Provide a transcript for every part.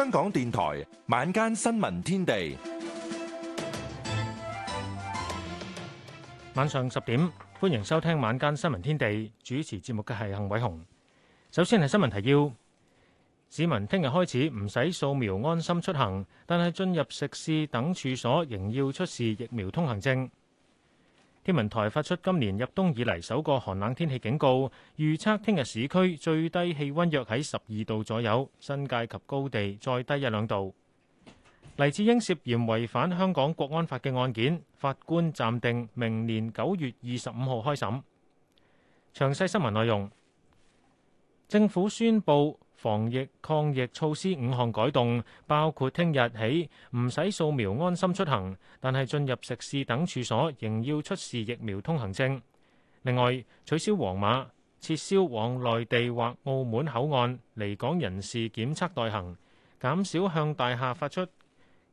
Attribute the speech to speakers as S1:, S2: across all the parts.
S1: 香港電台晚間新聞天地，
S2: 晚上十點歡迎收聽晚間新聞天地。主持節目嘅係幸偉雄。首先係新聞提要：市民聽日開始唔使掃描安心出行，但係進入食肆等處所仍要出示疫苗通行證。天文台發出今年入冬以嚟首個寒冷天氣警告，預測聽日市區最低氣溫約喺十二度左右，新界及高地再低一兩度。黎智英涉嫌違反香港國安法嘅案件，法官暫定明年九月二十五號開審。詳細新聞內容，政府宣布。防疫抗疫措施五項改動，包括聽日起唔使掃描安心出行，但係進入食肆等處所仍要出示疫苗通行證。另外取消黃碼，撤銷往內地或澳門口岸離港人士檢測待行，減少向大廈發出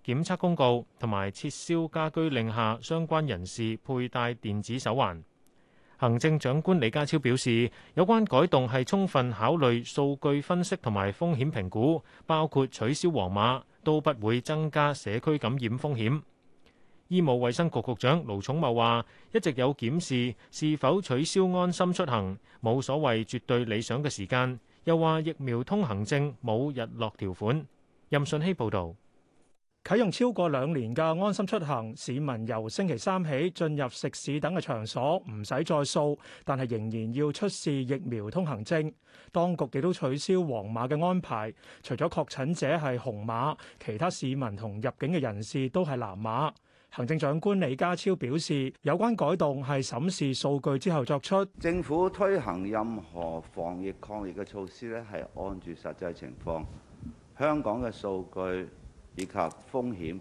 S2: 檢測公告，同埋撤銷家居令下相關人士佩戴電子手環。行政長官李家超表示，有關改動係充分考慮數據分析同埋風險評估，包括取消黃碼都不會增加社區感染風險。醫務衛生局局長盧寵茂話，一直有檢視是否取消安心出行，冇所謂絕對理想嘅時間。又話疫苗通行證冇日落
S1: 條款。任信希報導。啟用超過兩年嘅安心出行，市民由星期三起進入食肆等嘅場所唔使再掃，但係仍然要出示疫苗通行證。當局亦都取消黃碼嘅安排，除咗確診者係紅碼，其他市民同入境嘅人士都係藍碼。行政長官李家超表示，有關改動係審視數據之後作出。
S3: 政府推行任何防疫抗疫嘅措施咧，係按住實際情況，香港嘅數據，以及風險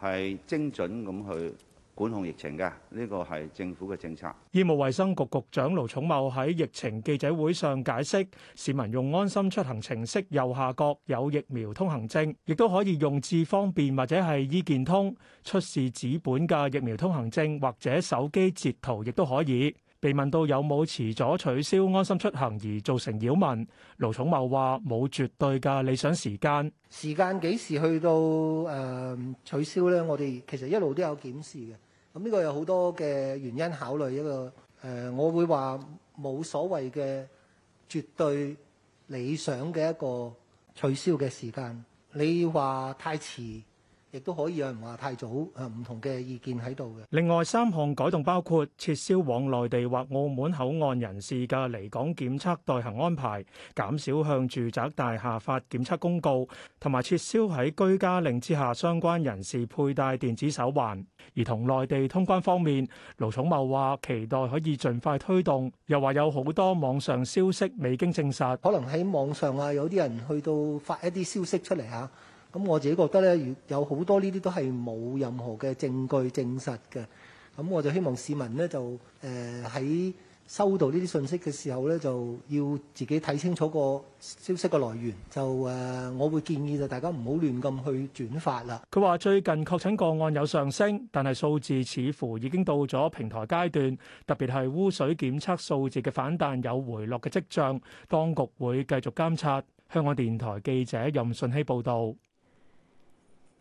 S3: 係精準咁去管控疫情嘅，呢、這個係政府嘅政策。
S1: 醫務衛生局局長盧寵茂喺疫情記者會上解釋，市民用安心出行程式右下角有疫苗通行證，亦都可以用智方便或者係醫健通出示紙本嘅疫苗通行證，或者手機截圖亦都可以。被問到有冇遲咗取消安心出行而造成擾民，盧寵茂話冇絕對嘅理想時
S4: 間。時間幾時去到誒、呃、取消咧？我哋其實一路都有檢視嘅。咁呢個有好多嘅原因考慮一個誒、呃，我會話冇所謂嘅絕對理想嘅一個取消嘅時間。你話太遲。亦都可以有人話太早，唔同嘅意見喺度嘅。
S1: 另外三項改動包括撤銷往內地或澳門口岸人士嘅離港檢測待行安排，減少向住宅大廈發檢測公告，同埋撤銷喺居家令之下相關人士佩戴電子手環。而同內地通關方面，盧寵茂話期待可以盡快推動，又話有好多網上消息未經證實，可能
S4: 喺網上啊，有啲人去到發一啲消息出嚟嚇。咁我自己覺得咧，有好多呢啲都係冇任何嘅證據證實嘅。咁我就希望市民呢，就誒喺收到呢啲信息嘅時候呢，就要自己睇清楚個消息嘅來源。就誒，我會建議就大家唔好亂咁去轉發啦。
S1: 佢話最近確診個案有上升，但係數字似乎已經到咗平台階段，特別係污水檢測數字嘅反彈有回落嘅跡象。當局會繼續監察。香港電台記者任順希報導。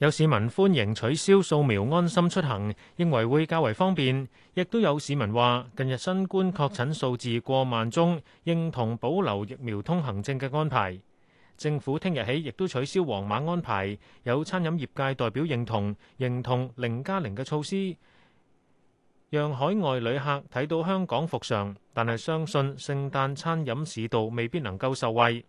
S2: 有市民歡迎取消掃描安心出行，認為會較為方便。亦都有市民話：近日新冠確診數字過萬宗，認同保留疫苗通行證嘅安排。政府聽日起亦都取消黃碼安排。有餐飲業界代表認同認同零加零嘅措施，讓海外旅客睇到香港復常。但係相信聖誕餐飲市道未必能夠受惠。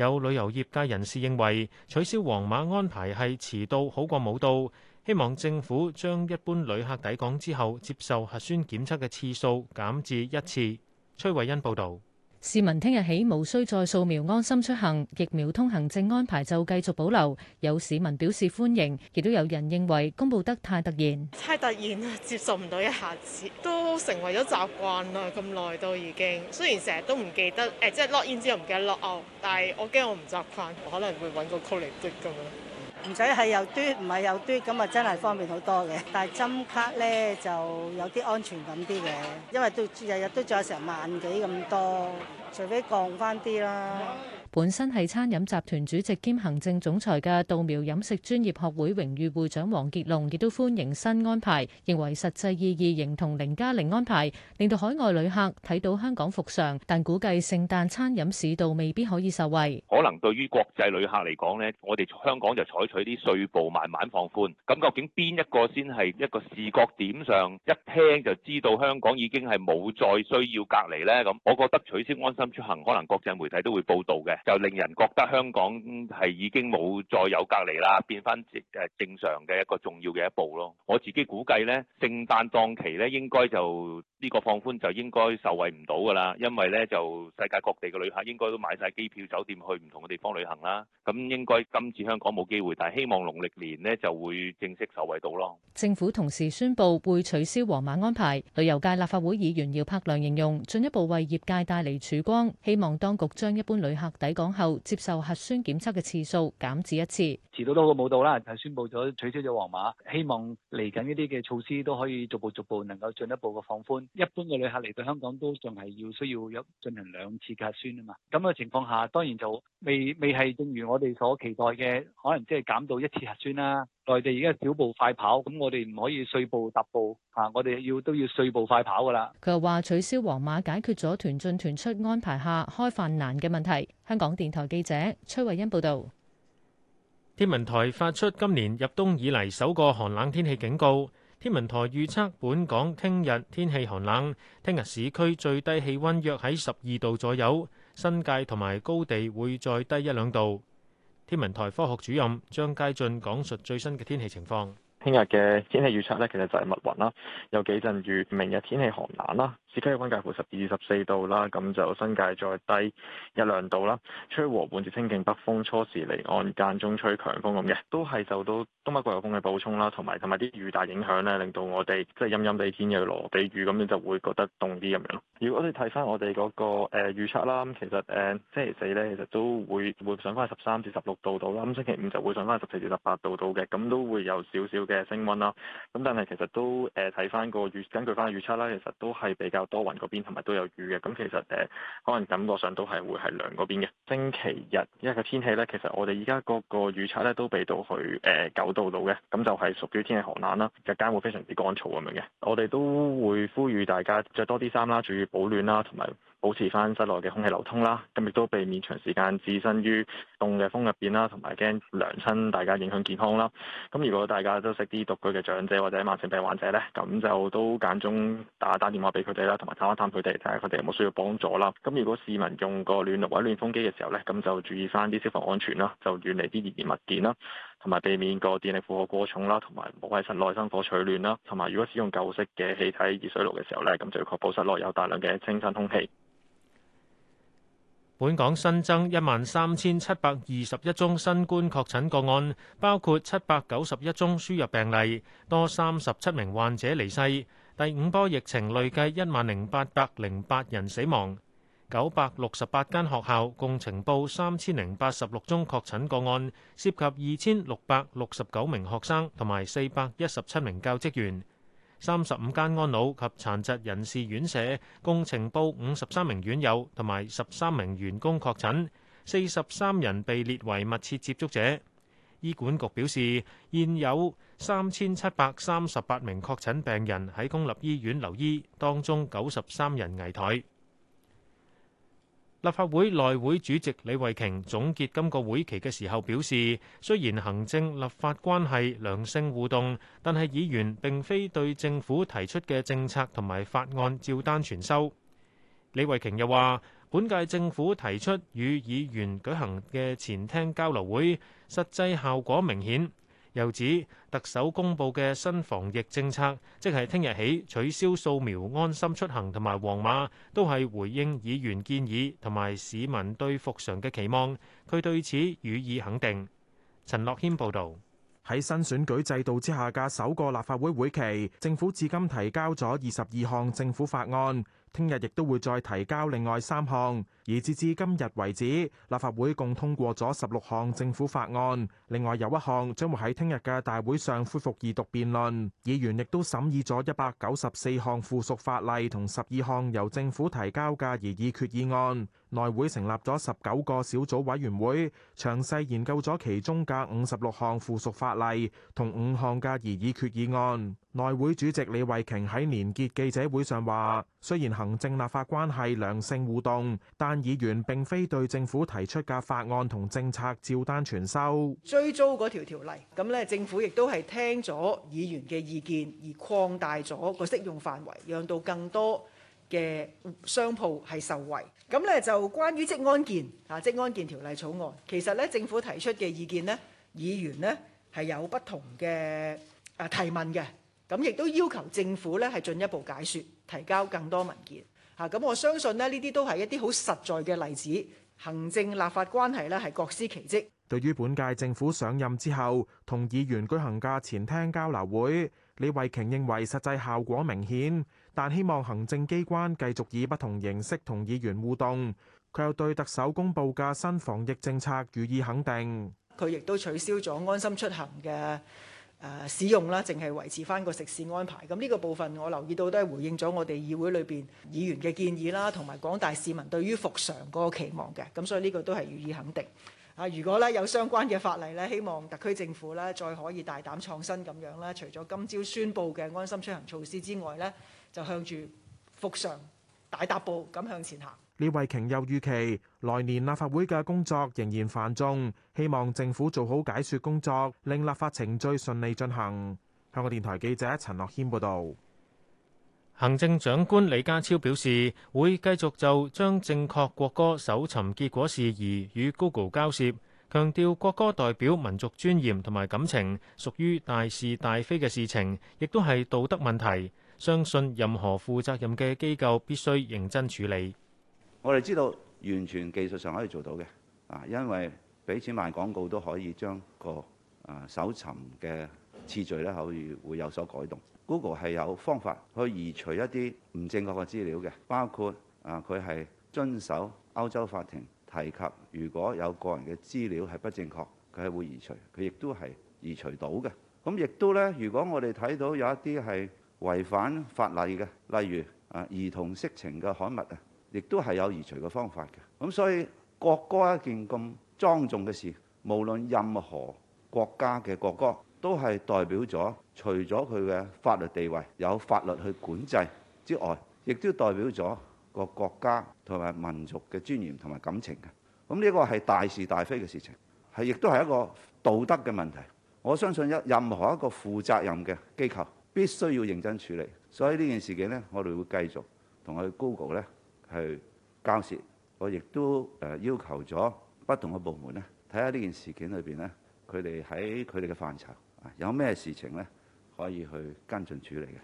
S2: 有旅遊業界人士認為取消黃碼安排係遲到好過冇到，希望政府將一般旅客抵港之後接受核酸檢測嘅次數減至一次。崔慧欣報導。
S5: 市民聽日起無需再掃描安心出行，疫苗通行證安排就繼續保留。有市民表示歡迎，亦都有人認為公布得太突然，太
S6: 突然啦，接受唔到一下子，都成為咗習慣啦。咁耐都已經，雖然成日都唔記得，誒、呃，即係落煙之後又唔記得落，但係 我驚我唔習慣，可能會揾個
S7: collect 咁樣。唔使係又嘟，唔係又嘟，咁啊真係方便好多嘅。但係針卡咧就有啲安全感啲嘅，因為都日日都仲有成萬幾咁多，除非降翻啲啦。
S5: 本身係餐飲集團主席兼行政總裁嘅稻苗飲食專業學會榮譽會長黃傑龍亦都歡迎新安排，認為實際意義仍同零加零安排，令到海外旅客睇到香港復常，但估計聖誕餐飲市道未必可以受惠。可
S8: 能對於國際旅客嚟講咧，我哋香港就採取啲稅步慢慢放寬，咁究竟邊一個先係一個視覺點上，一聽就知道香港已經係冇再需要隔離咧？咁我覺得取消安心出行，可能國際媒體都會報道嘅。就令人覺得香港係已經冇再有隔離啦，變翻正誒正常嘅一個重要嘅一步咯。我自己估計咧，聖誕檔期咧應該就呢個放寬就應該受惠唔到㗎啦，因為咧就世界各地嘅旅客應該都買曬機票、酒店去唔同嘅地方旅行啦。咁應該今次香港冇機會，但係希望農曆年咧就會正式受惠到咯。
S5: 政府同時宣布會取消黃碼安排，旅遊界立法會議員姚柏良形容進一步為業界帶嚟曙光，希望當局將一般旅客抵抵港後接受核酸檢測嘅次數減至一次，
S1: 遲到都好過冇到啦。就宣布咗取消咗皇馬，希望嚟緊呢啲嘅措施都可以逐步逐步能夠進一步嘅放寬。一般嘅旅客嚟到香港都仲係要需要一進行兩次核酸檢測啊嘛。咁嘅情況下，當然就
S4: 未未係
S1: 正如我哋所期待嘅，可能即係減到一次核酸啦。內地而家小步快跑，咁我哋唔可以碎步
S4: 踏步吓，我哋要都要碎步快跑㗎喇。
S5: 佢又話取消黃馬，解決咗團進團出安排下開飯難嘅問題。香港電台記者崔慧欣報道，
S2: 天文台發出今年入冬以嚟首個寒冷天氣警告。天文台預測本港聽日天氣寒冷，聽日市區最低氣溫約喺十二度左右，新界同埋高地會再低一兩度。天文台科學主任張佳俊講述最新嘅天氣情況。
S8: 聽日嘅天氣預測咧，其實就係密雲啦，有幾陣雨。明日天氣寒冷啦。市區嘅溫度介乎十二至十四度啦，咁就新界再低一兩度啦。吹和緩至清勁北風，初時離岸間中吹強風咁嘅，都係受到東北季候風嘅補充啦，同埋同埋啲雨大影響咧，令到我哋即係陰陰地天嘅落地雨咁樣就會覺得凍啲咁樣。如果你我哋睇翻我哋嗰個誒、呃、預測啦，咁其實誒、呃、星期四咧其實都會會上翻十三至十六度度啦，咁星期五就會上翻十四至十八度度嘅，咁都會有少少嘅升溫啦，咁但係其實都誒睇翻個預根據翻預測啦，其實都係比較。多雲有多雲嗰邊，同埋都有雨嘅。咁其實誒、呃，可能感覺上都係會係涼嗰邊嘅。星期日，因為個天氣咧，其實我哋而家個個預測咧都俾到去誒九、呃、度度嘅，咁就係屬於天氣寒冷啦。日間會非常之乾燥咁樣嘅，我哋都會呼籲大家着多啲衫啦，注意保暖啦，同埋。保持翻室內嘅空氣流通啦，咁亦都避免長時間置身於凍嘅風入邊啦，同埋驚涼親大家影響健康啦。咁如果大家都識啲獨居嘅長者或者慢性病患者呢，咁就都間中打打電話俾佢哋啦，同埋探一探佢哋睇下佢哋有冇需要幫助啦。咁如果市民用個暖爐或者暖風機嘅時候呢，咁就注意翻啲消防安全啦，就遠離啲易燃物件啦，同埋避免個電力負荷過重啦，同埋唔好喺室內生火取暖啦。同埋如果使用舊式嘅氣體熱水爐嘅時候呢，咁就要確保室內有大量嘅清新空氣。
S2: 本港新增一萬三千七百二十一宗新冠確診個案，包括七百九十一宗輸入病例，多三十七名患者離世。第五波疫情累計一萬零八百零八人死亡，九百六十八間學校共呈報三千零八十六宗確診個案，涉及二千六百六十九名學生同埋四百一十七名教職員。三十五間安老及殘疾人士院舍共呈報五十三名院友同埋十三名員工確診，四十三人被列為密切接觸者。醫管局表示，現有三千七百三十八名確診病人喺公立醫院留醫，當中九十三人危殆。立法會內會主席李慧瓊總結今個會期嘅時候表示，雖然行政立法關係良性互動，但係議員並非對政府提出嘅政策同埋法案照單全收。李慧瓊又話，本屆政府提出與議員舉行嘅前廳交流會，實際效果明顯。又指特首公布嘅新防疫政策，即係聽日起取消掃描安心出行同埋黃碼，都係回應議員建議，同埋市民對復常嘅期望。佢對此予以肯定。
S9: 陳樂謙報道。喺新選舉制度之下嘅首個立法會會期，政府至今提交咗二十二項政府法案，聽日亦都會再提交另外三項。而截至今日為止，立法會共通過咗十六項政府法案，另外有一項將會喺聽日嘅大會上恢復二讀辯論。議員亦都審議咗一百九十四項附屬法例同十二項由政府提交嘅擬議決議案。內會成立咗十九個小組委員會，詳細研究咗其中嘅五十六項附屬法例同五項嘅擬議決議案。內會主席李慧瓊喺連結記者會上話：雖然行政立法關係良性互動，但議員並非對政府提出嘅法案同政策照單全收，
S7: 追租嗰條條例，咁咧政府亦都係聽咗議員嘅意見而擴大咗個適用範圍，讓到更多嘅商鋪係受惠。咁咧就關於職安健啊，職安健條例草案，其實咧政府提出嘅意見呢，議員呢係有不同嘅提問嘅，咁亦都要求政府咧係進一步解說，提交更多文件。啊！咁我相信呢，呢啲都係一啲好實在嘅例子。行政立法關係呢，係各司其職。
S9: 對於本屆政府上任之後同議員舉行嘅前廳交流會，李慧瓊認為實際效果明顯，但希望行政機關繼續以不同形式同議員互動。佢又對特首公布嘅新防疫政策予以肯定。佢亦
S7: 都取消咗安心出行嘅。誒使用啦，淨係維持翻個食肆安排。咁呢個部分，我留意到都係回應咗我哋議會裏邊議員嘅建議啦，同埋廣大市民對於復常嗰個期望嘅。咁所以呢個都係予以肯定。啊，如果咧有相關嘅法例咧，希望特區政府咧再可以大膽創新咁樣啦。除咗今朝宣布嘅安心出行措施之外咧，就向住復常大踏步咁向前行。
S9: 李慧瓊又預期。來年立法會嘅工作仍然繁重，希望政府做好解說工作，令立法程序順利進行。香港電台記者陳樂謙報道。
S2: 行政長官李家超表示，會繼續就將正確國歌搜尋結果事宜與 Google 交涉，強調國歌代表民族尊嚴同埋感情，屬於大是大非嘅事情，亦都係道德問題。相信任何負責任嘅機構必須認真處理。
S3: 我哋知道。完全技術上可以做到嘅，啊，因為俾錢賣廣告都可以將個啊搜尋嘅次序咧可以會有所改動。Google 係有方法去移除一啲唔正確嘅資料嘅，包括啊佢係遵守歐洲法庭提及，如果有個人嘅資料係不正確，佢係會移除，佢亦都係移除到嘅。咁亦都呢，如果我哋睇到有一啲係違反法例嘅，例如啊兒童色情嘅刊物啊。亦都係有移除嘅方法嘅。咁所以國歌一件咁莊重嘅事，無論任何國家嘅國歌，都係代表咗除咗佢嘅法律地位有法律去管制之外，亦都代表咗個國家同埋民族嘅尊嚴同埋感情嘅。咁呢個係大是大非嘅事情，係亦都係一個道德嘅問題。我相信一任何一個負責任嘅機構必須要認真處理。所以呢件事件呢，我哋會繼續同佢 Google 呢。去交涉，我亦都誒要求咗不同嘅部門咧，睇下呢件事件裏邊，咧，佢哋喺佢哋嘅範疇，有咩事情咧可以去跟進處理嘅。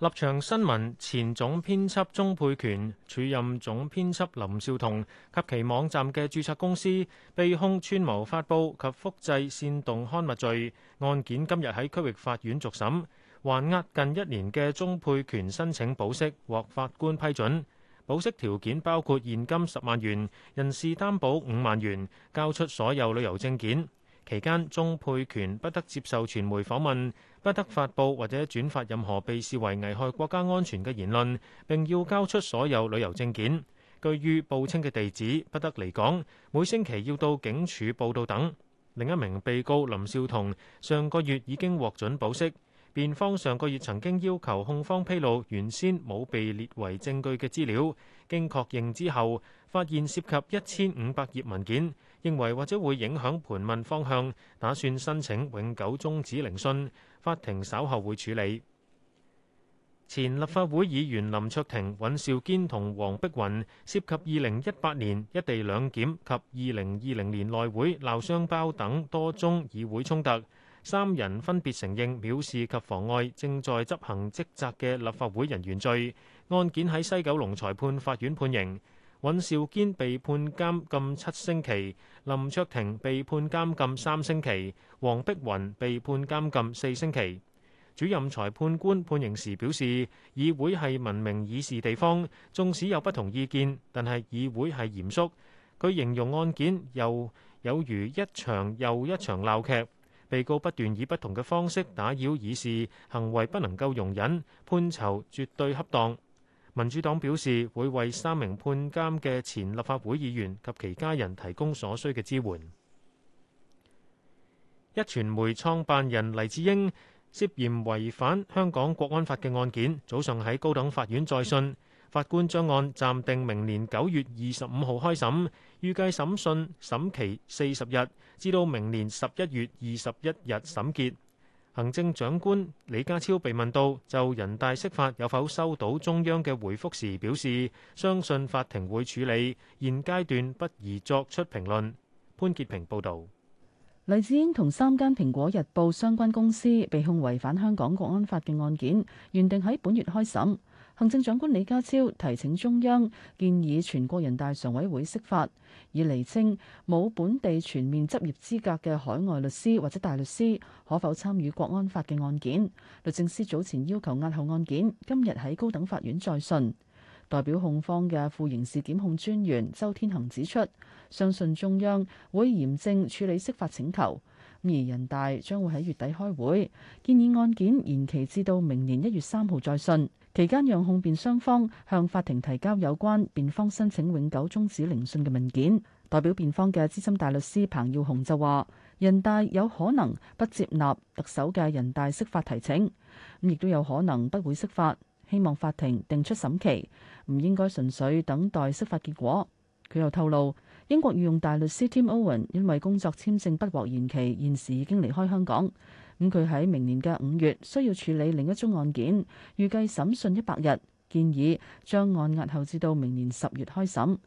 S2: 立場新聞前總編輯鍾佩權，署任總編輯林少彤及其網站嘅注冊公司，被控串謀發布及複製煽動刊物罪案件，今日喺區域法院續審。還押近一年嘅鍾沛權申請保釋，獲法官批准。保釋條件包括現金十萬元、人事擔保五萬元、交出所有旅遊證件。期間，鍾沛權不得接受傳媒訪問，不得發佈或者轉發任何被視為危害國家安全嘅言論，並要交出所有旅遊證件。居於報稱嘅地址，不得離港，每星期要到警署報到等。另一名被告林紹桐上個月已經獲准保釋。辯方上個月曾經要求控方披露原先冇被列為證據嘅資料，經確認之後，發現涉及一千五百頁文件，認為或者會影響盤問方向，打算申請永久終止聆訊。法庭稍後會處理。前立法會議員林卓廷、尹兆堅同黃碧雲涉及二零一八年一地兩檢及二零二零年內會鬧雙包等多宗議會衝突。三人分別承認藐視及妨礙正在執行職責嘅立法會人員罪。案件喺西九龍裁判法院判刑，尹兆堅被判監禁七星期，林卓廷被判監禁三星期，黃碧雲被判監禁四星期。主任裁判官判刑時表示，議會係文明議事地方，縱使有不同意見，但係議會係嚴肅。佢形容案件又有如一場又一場鬧劇。被告不斷以不同嘅方式打擾議事，已是行為不能夠容忍，判囚絕對恰當。民主黨表示會為三名判監嘅前立法會議員及其家人提供所需嘅支援。一傳媒創辦人黎智英涉嫌違反香港國安法嘅案件，早上喺高等法院再訊。法官將案暫定明年九月二十五號開審，預計審訊審期四十日，至到明年十一月二十一日審結。行政長官李家超被問到就人大釋法有否收到中央嘅回複時，表示相信法庭會處理，現階段不宜作出評論。潘潔平報道。
S10: 黎智英同三間蘋果日報相關公司被控違反香港國安法嘅案件，原定喺本月開審。行政長官李家超提請中央建議全國人大常委會釋法，以釐清冇本地全面執業資格嘅海外律師或者大律師可否參與《國安法》嘅案件。律政司早前要求押後案件，今日喺高等法院再訊。代表控方嘅副刑事檢控專員周天行指出，相信中央會嚴正處理釋法請求，而人大將會喺月底開會，建議案件延期至到明年一月三號再訊。期間，讓控辯雙方向法庭提交有關辯方申請永久終止聆訊嘅文件。代表辯方嘅資深大律師彭耀雄就話：人大有可能不接納特首嘅人大釋法提請，亦都有可能不會釋法。希望法庭定出審期，唔應該純粹等待釋法結果。佢又透露，英國御用大律師 Tim Owen 因為工作簽證不獲延期，現時已經離開香港。咁佢喺明年嘅五月需要處理另一宗案件，預計審訊一百日，建議將案押後至到明年十月開審。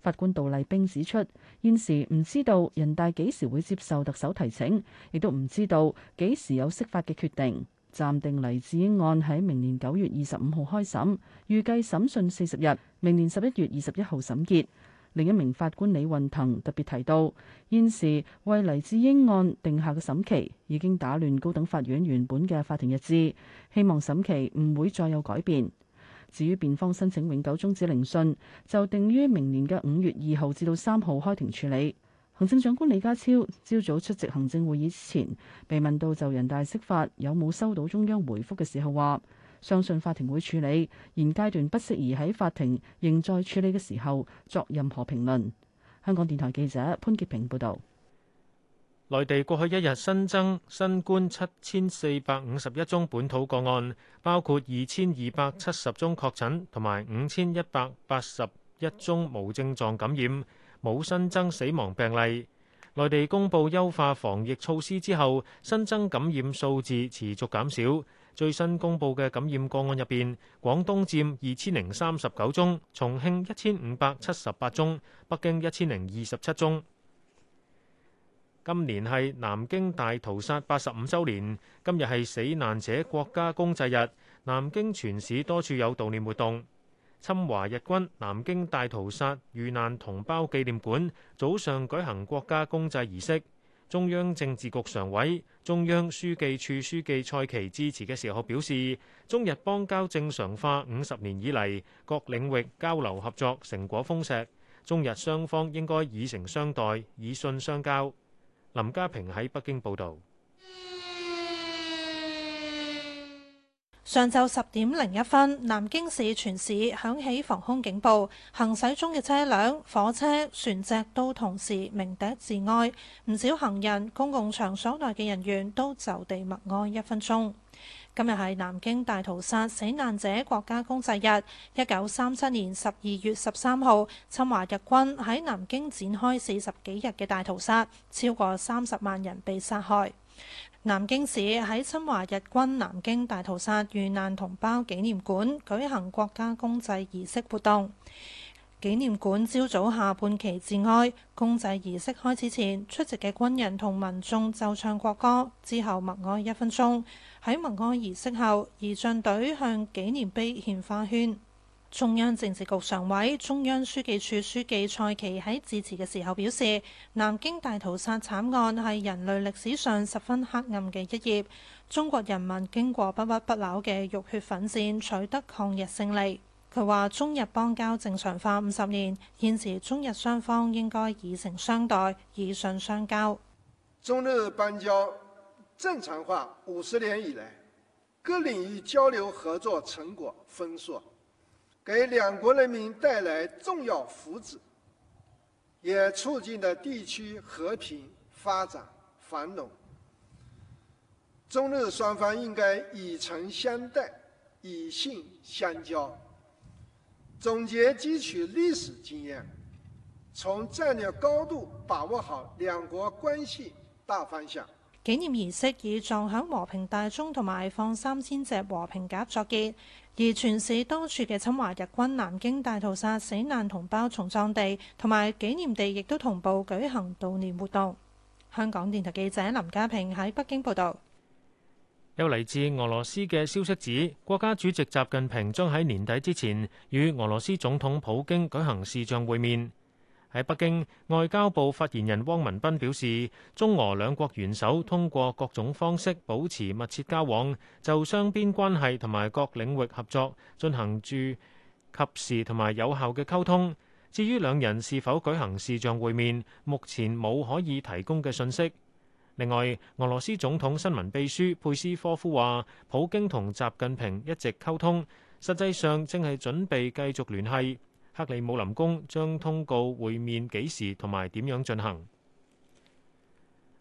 S10: 法官杜麗冰指出，現時唔知道人大幾時會接受特首提請，亦都唔知道幾時有釋法嘅決定。暫定黎智英案喺明年九月二十五號開審，預計審訊四十日，明年十一月二十一號審結。另一名法官李運騰特別提到，現時為黎智英案定下嘅審期已經打亂高等法院原本嘅法庭日誌，希望審期唔會再有改變。至於辯方申請永久終止聆訊，就定於明年嘅五月二號至到三號開庭處理。行政長官李家超朝早出席行政會議之前，被問到就人大釋法有冇收到中央回覆嘅時候，話。相信法庭會處理，現階段不適宜喺法庭仍在處理嘅時候作任何評論。香港電台記者潘潔平報導。
S2: 內地過去一日新增新冠七千四百五十一宗本土個案，包括二千二百七十宗確診同埋五千一百八十一宗無症狀感染，冇新增死亡病例。內地公布優化防疫措施之後，新增感染數字持續減少。最新公布嘅感染個案入邊，廣東佔二千零三十九宗，重慶一千五百七十八宗，北京一千零二十七宗。今年係南京大屠殺八十五周年，今日係死難者國家公祭日，南京全市多處有悼念活動，侵華日軍南京大屠殺遇難同胞紀念館早上舉行國家公祭儀式。中央政治局常委、中央書記處書記蔡奇致辭嘅時候表示，中日邦交正常化五十年以嚟，各領域交流合作成果豐碩，中日雙方應該以誠相待，以信相交。林家平喺北京報道。
S11: 上晝十點零一分，南京市全市響起防空警報，行駛中嘅車輛、火車、船隻都同時鳴笛致哀，唔少行人、公共場所內嘅人員都就地默哀一分鐘。今日係南京大屠殺死難者國家公祭日，一九三七年十二月十三號，侵華日軍喺南京展開四十幾日嘅大屠殺，超過三十萬人被殺害。南京市喺侵華日軍南京大屠殺遇難同胞紀念館舉行國家公祭儀式活動。紀念館朝早下半旗致哀，公祭儀式開始前，出席嘅軍人同民眾奏唱國歌，之後默哀一分鐘。喺默哀儀式後，儀仗隊向紀念碑獻花圈。中央政治局常委、中央書記處書記蔡奇喺致辭嘅時候表示，南京大屠殺慘案係人類歷史上十分黑暗嘅一頁，中國人民經過不屈不撓嘅浴血奮戰取得抗日勝利。佢話中日邦交正常化五十年，現時中日雙方應該以誠相待，以信相交。
S2: 中日邦交正常化五十年以來，各領域交流合作成果豐碩。給兩國人民帶來重要福祉，也促進了地區和平發展繁榮。中日雙方應該以
S4: 誠相待，以信相交。總結汲取歷史經驗，從戰略高度把握好兩國
S9: 關係大方向。
S11: 紀念儀式以撞響和平大鐘同埋放三千隻和平鴿作結，而全市多處嘅侵華日軍南京大屠殺死難同胞叢葬地同埋紀念地亦都同步舉行悼念活動。香港電台記者林家平喺北京報道。
S2: 有嚟自俄羅斯嘅消息指，國家主席習近平將喺年底之前與俄羅斯總統普京舉行視像會面。喺北京，外交部發言人汪文斌表示，中俄兩國元首通過各種方式保持密切交往，就雙邊關係同埋各領域合作進行住及時同埋有效嘅溝通。至於兩人是否舉行視像會面，目前冇可以提供嘅信息。另外，俄羅斯總統新聞秘書佩斯科夫話，普京同習近平一直溝通，實際上正係準備繼續聯繫。克里姆林宮將通告會面幾時同埋點樣進行。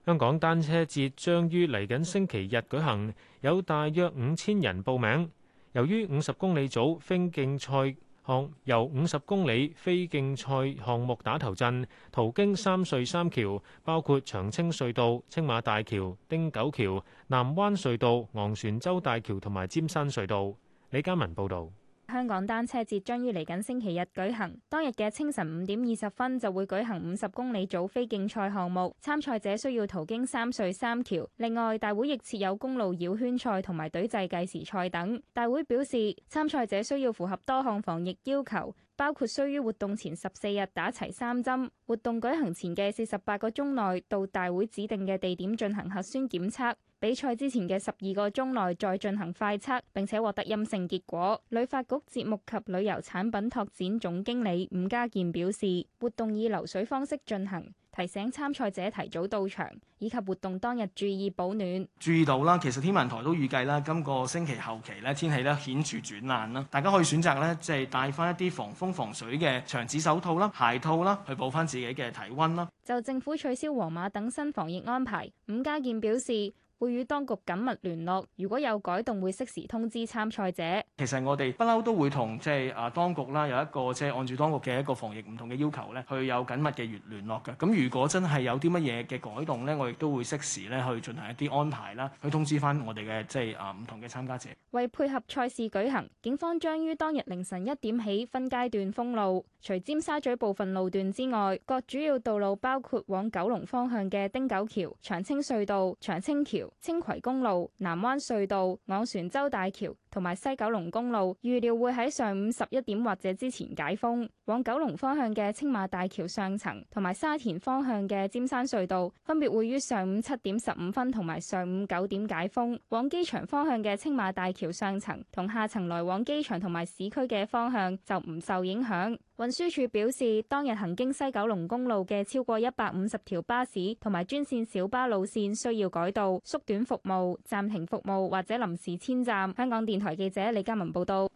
S2: 香港單車節將於嚟緊星期日舉行，有大約五千人報名。由於五十公里組非競賽項由五十公里非競賽項目打頭陣，途經三隧三橋，包括長青隧道、青馬大橋、汀九橋、南灣隧道、昂船洲大橋同埋尖山隧道。李嘉文報道。
S12: 香港單車節將於嚟緊星期日舉行，當日嘅清晨五點二十分就會舉行五十公里組非競賽項目，參賽者需要途經三隧三橋。另外，大會亦設有公路繞圈賽同埋隊制計時賽等。大會表示，參賽者需要符合多項防疫要求，包括需於活動前十四日打齊三針，活動舉行前嘅四十八個鐘內到大會指定嘅地點進行核酸檢測。比賽之前嘅十二個鐘內再進行快測，並且獲得陰性結果。旅發局節目及旅遊產品拓展總經理伍家健表示，活動以流水方式進行，提醒參賽者提早到場，以及活動當日注意保暖。
S6: 注意到啦，其實天文台都預計啦，今個星期後期咧天氣咧顯著轉冷啦，大家可以選擇咧即係戴翻一啲防風防水嘅長指手套啦、鞋套啦，去補翻自己嘅體温啦。
S12: 就政府取消皇馬等新防疫安排，伍家健表示，會與當局緊密聯絡，如果有改動，會適時通知參賽者。
S6: 其實我哋不嬲都會同即係啊當局啦、啊，有一個即係、就是、按住當局嘅一個防疫唔同嘅要求咧，去有緊密嘅聯聯絡嘅。咁、啊、如果真係有啲乜嘢嘅改動咧，我亦都會適時咧去進行一啲安排啦，去通知翻我哋嘅即係啊唔同嘅參加
S12: 者。為配合賽事舉行，警方將於當日凌晨一點起分階段封路，除尖沙咀部分路段之外，各主要道路包括往九龍方向嘅汀九橋、長青隧道、長青橋。青葵公路、南灣隧道、昂船洲大橋同埋西九龍公路，預料會喺上午十一點或者之前解封。往九龍方向嘅青馬大橋上層同埋沙田方向嘅尖山隧道，分別會於上午七點十五分同埋上午九點解封。往機場方向嘅青馬大橋上層同下層來往機場同埋市區嘅方向就唔受影響。運輸署表示，當日行經西九龍公路嘅超過一百五十條巴士同埋專線小巴路線需要改道、縮短服務、暫停服務或者臨時遷站。香港電台記者李嘉文報道。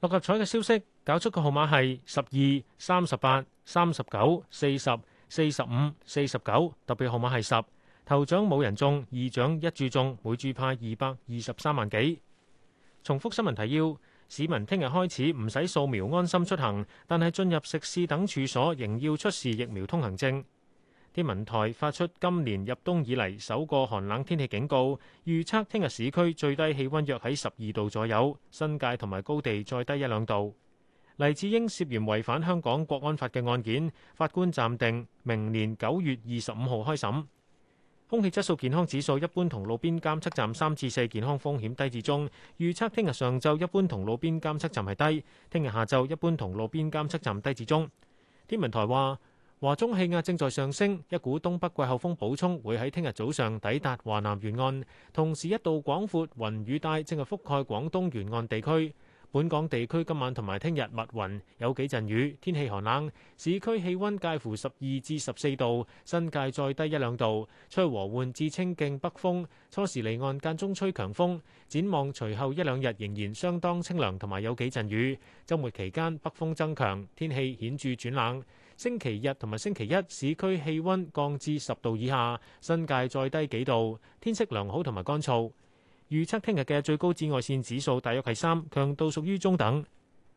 S2: 六合彩嘅消息，攪出嘅號碼係十二、三十八、三十九、四十四、十五、四十九，特別號碼係十。頭獎冇人中，二獎一注中，每注派二百二十三萬幾。重複新聞提要。市民聽日開始唔使掃描安心出行，但係進入食肆等處所仍要出示疫苗通行證。天文台發出今年入冬以嚟首個寒冷天氣警告，預測聽日市區最低氣溫約喺十二度左右，新界同埋高地再低一兩度。黎智英涉嫌違反香港國安法嘅案件，法官暫定明年九月二十五號開審。空氣質素健康指數一般同路邊監測站三至四，健康風險低至中，預測聽日上晝一般同路邊監測站係低，聽日下晝一般同路邊監測站低至中。天文台話，華中氣壓正在上升，一股東北季候風補充會喺聽日早上抵達華南沿岸，同時一道廣闊雲雨帶正係覆蓋廣東沿岸地區。本港地區今晚同埋聽日密雲有幾陣雨，天氣寒冷。市區氣溫介乎十二至十四度，新界再低一兩度。吹和緩至清勁北風，初時離岸間中吹強風。展望隨後一兩日仍然相當清涼同埋有幾陣雨。週末期間北風增強，天氣顯著轉冷。星期日同埋星期一市區氣溫降至十度以下，新界再低幾度。天色良好同埋乾燥。預測聽日嘅最高紫外線指數大約係三，強度屬於中等。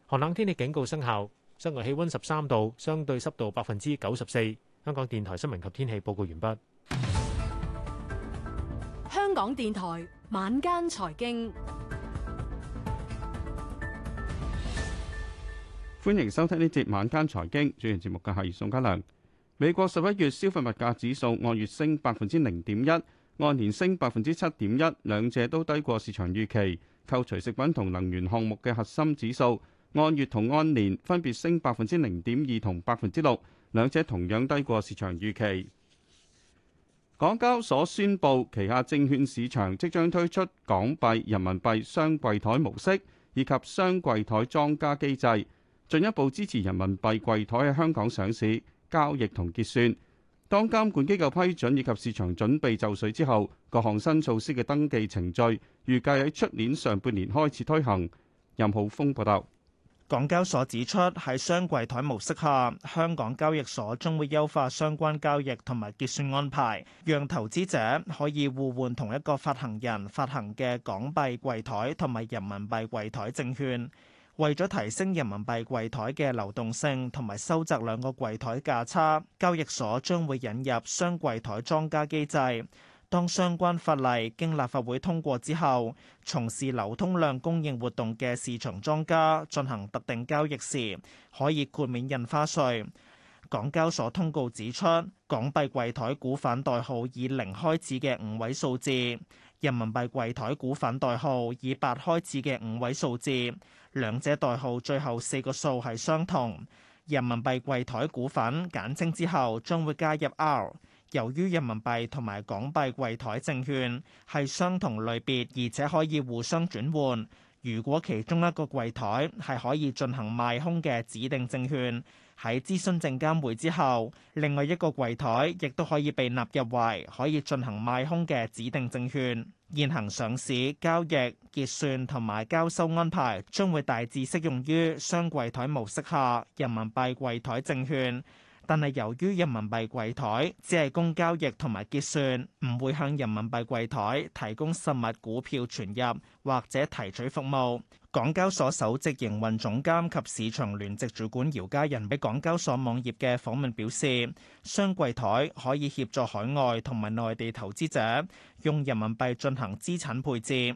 S2: 寒冷天氣警告生效，室外氣溫十三度，相對濕度百分之九十四。香港電台新聞及天氣報告完畢。
S5: 香港電台晚間財經，
S13: 歡迎收聽呢節晚間財經。主持節目嘅係宋家良。美國十一月消費物價指數按月升百分之零點一。按年升百分之七點一，兩者都低過市場預期。扣除食品同能源項目嘅核心指數，按月同按年分別升百分之零點二同百分之六，兩者同樣低過市場預期。港交所宣布旗下證券市場即將推出港幣、人民幣雙櫃台模式以及雙櫃台莊家機制，進一步支持人民幣櫃台喺香港上市交易同結算。當監管機構批准以及市場準備就緒之後，各項新措施嘅登記程序預計喺出年上半年開始推行。任浩峰報道。港交所指出，喺雙
S6: 櫃台模式下，香港交易所將會優化相關交易同埋結算安排，讓投資者可以互換同一個發行人發行嘅港幣櫃台同埋人民幣櫃台證券。為咗提升人民幣櫃台嘅流動性，同埋收窄兩個櫃台價差，交易所將會引入雙櫃台莊家機制。當相關法例經立法會通過之後，從事流通量供應活動嘅市場莊家進行特定交易時，可以豁免印花稅。港交所通告指出，港幣櫃台股份代號以零開始嘅五位數字，人民幣櫃台股份代號以八開始嘅五位數字。兩者代號最後四個數係相同，人民幣櫃台股份簡稱之後將會加入 R。由於人民幣同埋港幣櫃台證券係相同類別，而且可以互相轉換，如果其中一個櫃台係可以進行賣空嘅指定證券，喺諮詢證監會之後，另外一個櫃台亦都可以被納入為可以進行賣空嘅指定證券。現行上市、交易、結算同埋交收安排，將會大致適用於雙櫃台模式下人民幣櫃台證券。但係由於人民幣櫃台只係供交易同埋結算，唔會向人民幣櫃台提供實物股票存入或者提取服務。港交所首席營運總監及市場聯席主管姚嘉仁畀港交所網頁嘅訪問表示：雙櫃台可以協助海外同埋內地投資者用人民幣進行資產配
S8: 置。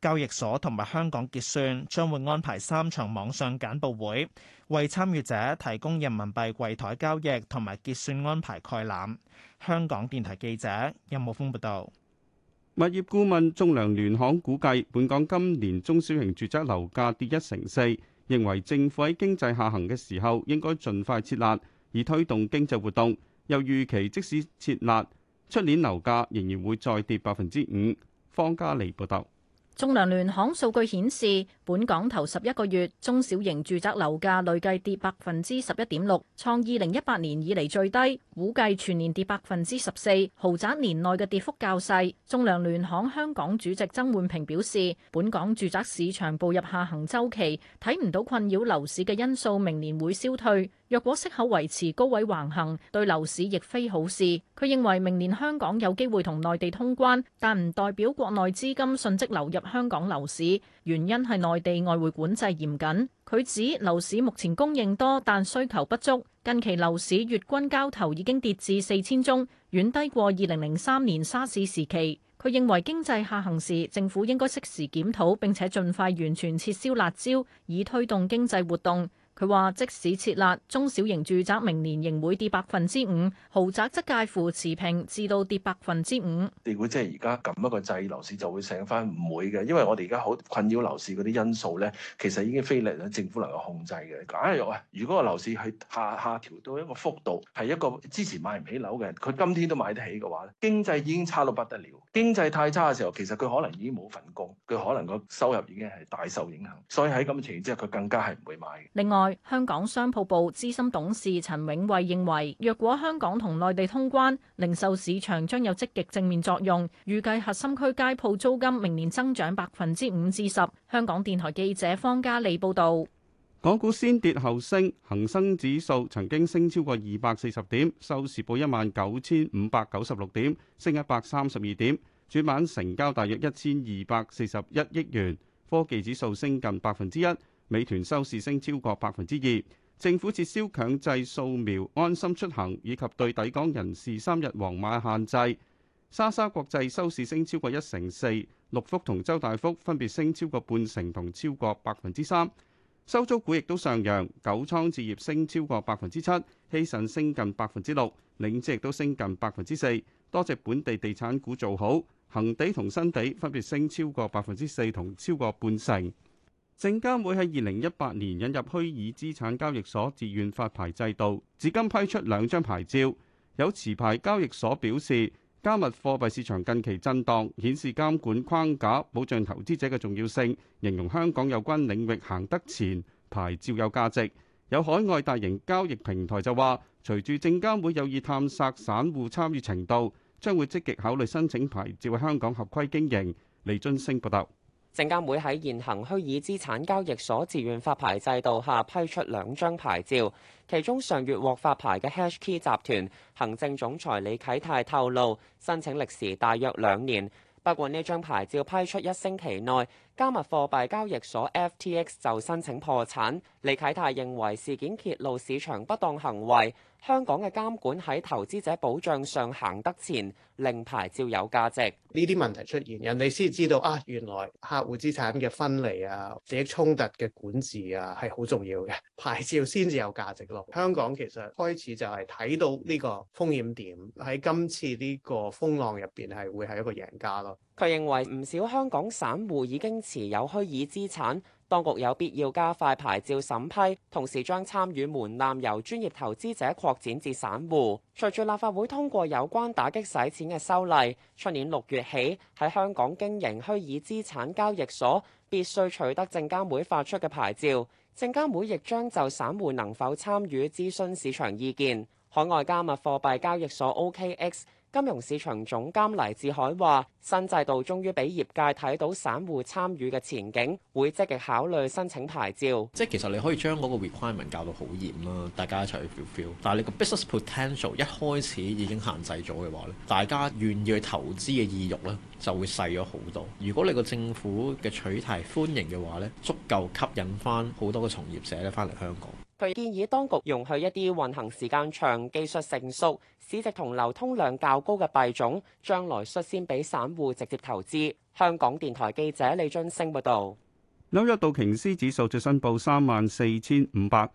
S6: 交易所同埋香港結算將會安排三場網上簡報會，為參與者提供人民幣櫃台交易同埋結算安排概覽。香港電台記者任慕峯報道。
S13: 物業顧問仲量聯行估計本港今年中小型住宅樓價跌一成四，認為政府喺經濟下行嘅時候應該盡快設立，以推動經濟活動，又預期，即使設立出年樓價仍然會再跌百分之五。方家利報道。
S14: 中糧聯行數據顯示，本港頭十一個月中小型住宅樓價累計跌百分之十一點六，創二零一八年以嚟最低，估計全年跌百分之十四。豪宅年內嘅跌幅較細。仲量聯行香港主席曾煥平表示，本港住宅市場步入下行週期，睇唔到困擾樓市嘅因素，明年會消退。若果息口維持高位橫行，對樓市亦非好事。佢認為明年香港有機會同內地通關，但唔代表國內資金瞬即流入香港樓市，原因係內地外匯管制嚴謹，佢指樓市目前供應多，但需求不足。近期樓市月均交投已經跌至四千宗，遠低過二零零三年沙士時期。佢認為經濟下行時政府應該適時檢討，並且盡快完全撤銷辣招，以推動經濟活動。佢話：即使設立中小型住宅，明年仍會跌百分之五；豪宅則介乎持平至到跌百分之五。你
S9: 會即係而家撳一個掣，樓市就會醒翻？唔會嘅，因為我哋而家好困擾樓市嗰啲因素咧，其實已經非力政府能夠控制嘅。假如喂，如果個樓市去下下調到一個幅度，係一個之前買唔起樓嘅人，佢今天都買得起嘅話咧，經濟已經差到不得了。經濟太差嘅時候，其實佢可能已經冇份工，佢可能個收入已經係大受影響。所以喺咁嘅情形之下，佢更加係唔會買。
S12: 另外。
S14: 香港商鋪部資深董事陳永慧認為，若果香港同內地通關，零售市場將有積極正面作用。預計核心區街鋪租金明年增長百分之五至十。香港電台記者方嘉利報道。
S13: 港股先跌後升，恒生指數曾經升超過二百四十點，收市報一萬九千五百九十六點，升一百三十二點。主板成交大約一千二百四十一億元，科技指數升近百分之一。美團收市升超過百分之二，政府撤銷強制掃描、安心出行以及對抵港人士三日黃碼限制。莎莎國際收市升超過一成四，六福同周大福分別升超過半成同超過百分之三。收租股亦都上揚，九倉置業升超過百分之七，希慎升近百分之六，領展亦都升近百分之四，多隻本地地產股做好，恒地同新地分別升超過百分之四同超過半成。證監會喺二零一八年引入虛擬資產交易所自願發牌制度，至今批出兩張牌照。有持牌交易所表示，加密貨幣市場近期震盪，顯示監管框架保障投資者嘅重要性，形容香港有關領域行得前，牌照有價值。有海外大型交易平台就話，隨住證監會有意探索散戶參與程度，將會積極考慮申請牌照，喺香港合規經營。李俊升報道。
S4: 證監會喺現行虛擬資產交易所自願發牌制度下批出兩張牌照，其中上月獲發牌嘅 HashKey 集團行政總裁李啟泰透露，申請歷時大約兩年。不過呢張牌照批出一星期內，加密貨幣交易所 FTX 就申請破產。李啟泰認為事件揭露市場不當行為。香港嘅監管喺投資者保障上行得前，令牌照有價值。呢啲問題出
S6: 現，人哋先知道啊，原來客戶資產嘅分離啊，利益衝突嘅管治啊，係好重要嘅，牌照先至有價值咯。香港其實開始就係睇到呢個風險點，喺
S4: 今次呢個風浪入邊係會係一個贏家咯。佢認為唔少香港散戶已經持有虛擬資產。當局有必要加快牌照審批，同時將參與門檻由專業投資者擴展至散戶。隨住立法會通過有關打擊洗錢嘅修例，出年六月起喺香港經營虛擬資產交易所必須取得證監會發出嘅牌照。證監會亦將就散戶能否參與諮詢市場意見。海外加密貨幣交易所 OKX、OK。金融市場總監黎志海話：新制度終於俾業界睇到散戶參與嘅前景，會積極考慮申請牌照。即係其實你可以
S6: 將嗰個 requirement 搞到好嚴啦，大家一齊去 fulfill。但係你個 business potential 一開始已經限制咗嘅話咧，大家願意去投資嘅意欲咧就會細咗好多。如果你個政府嘅取態歡迎嘅話咧，足夠吸引翻好多個從業者咧翻嚟香港。
S4: 佢建議當局容許一啲運行時間長、技術成熟。市值同流通量較高嘅幣種，將來率先俾散戶直接投資。香港電台記者李俊升報道，
S13: 紐約道瓊斯指數最新報三萬四千五百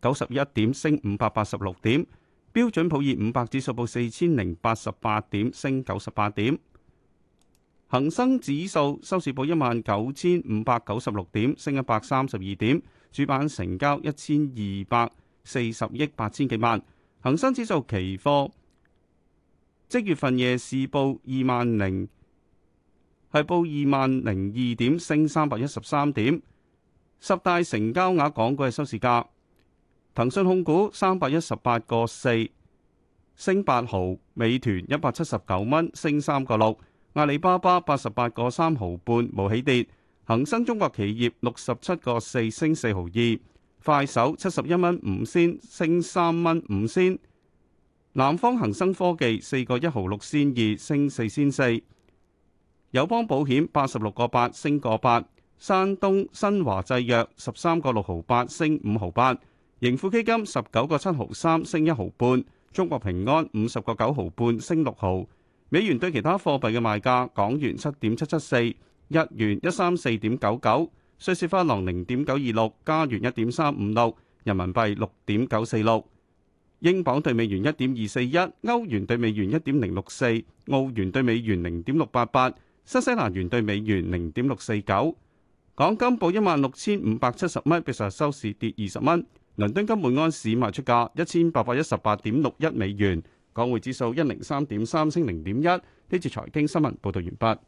S13: 九十一點，升五百八十六點。標準普爾五百指數報四千零八十八點，升九十八點。恒生指數收市報一萬九千五百九十六點，升一百三十二點。主板成交一千二百四十億八千幾萬。恒生指數期貨即月份夜市報二萬零，係報二萬零二點，升三百一十三點。十大成交額港股嘅收市價，騰訊控股三百一十八個四，升八毫；美團一百七十九蚊，升三個六；阿里巴巴八十八個三毫半，冇起跌；恒生中國企業六十七個四，升四毫二。快手七十一蚊五仙，升三蚊五仙。南方恒生科技四個一毫六仙二，升四仙四。友邦保險八十六個八，升個八。山東新華製藥十三個六毫八，升五毫八。盈富基金十九個七毫三，升一毫半。中國平安五十個九毫半，升六毫。美元對其他貨幣嘅賣價港元七點七七四，日元一三四點九九。瑞士法郎零點九二六，加元一點三五六，人民幣六點九四六，英鎊對美元一點二四一，歐元對美元一點零六四，澳元對美元零點六八八，新西蘭元對美元零點六四九。港金報一萬六千五百七十蚊，比上日收市跌二十蚊。倫敦金每安士賣出價一千八百一十八點六一美元。港匯指數一零三點三，升零點一。呢次財經新聞報道完畢。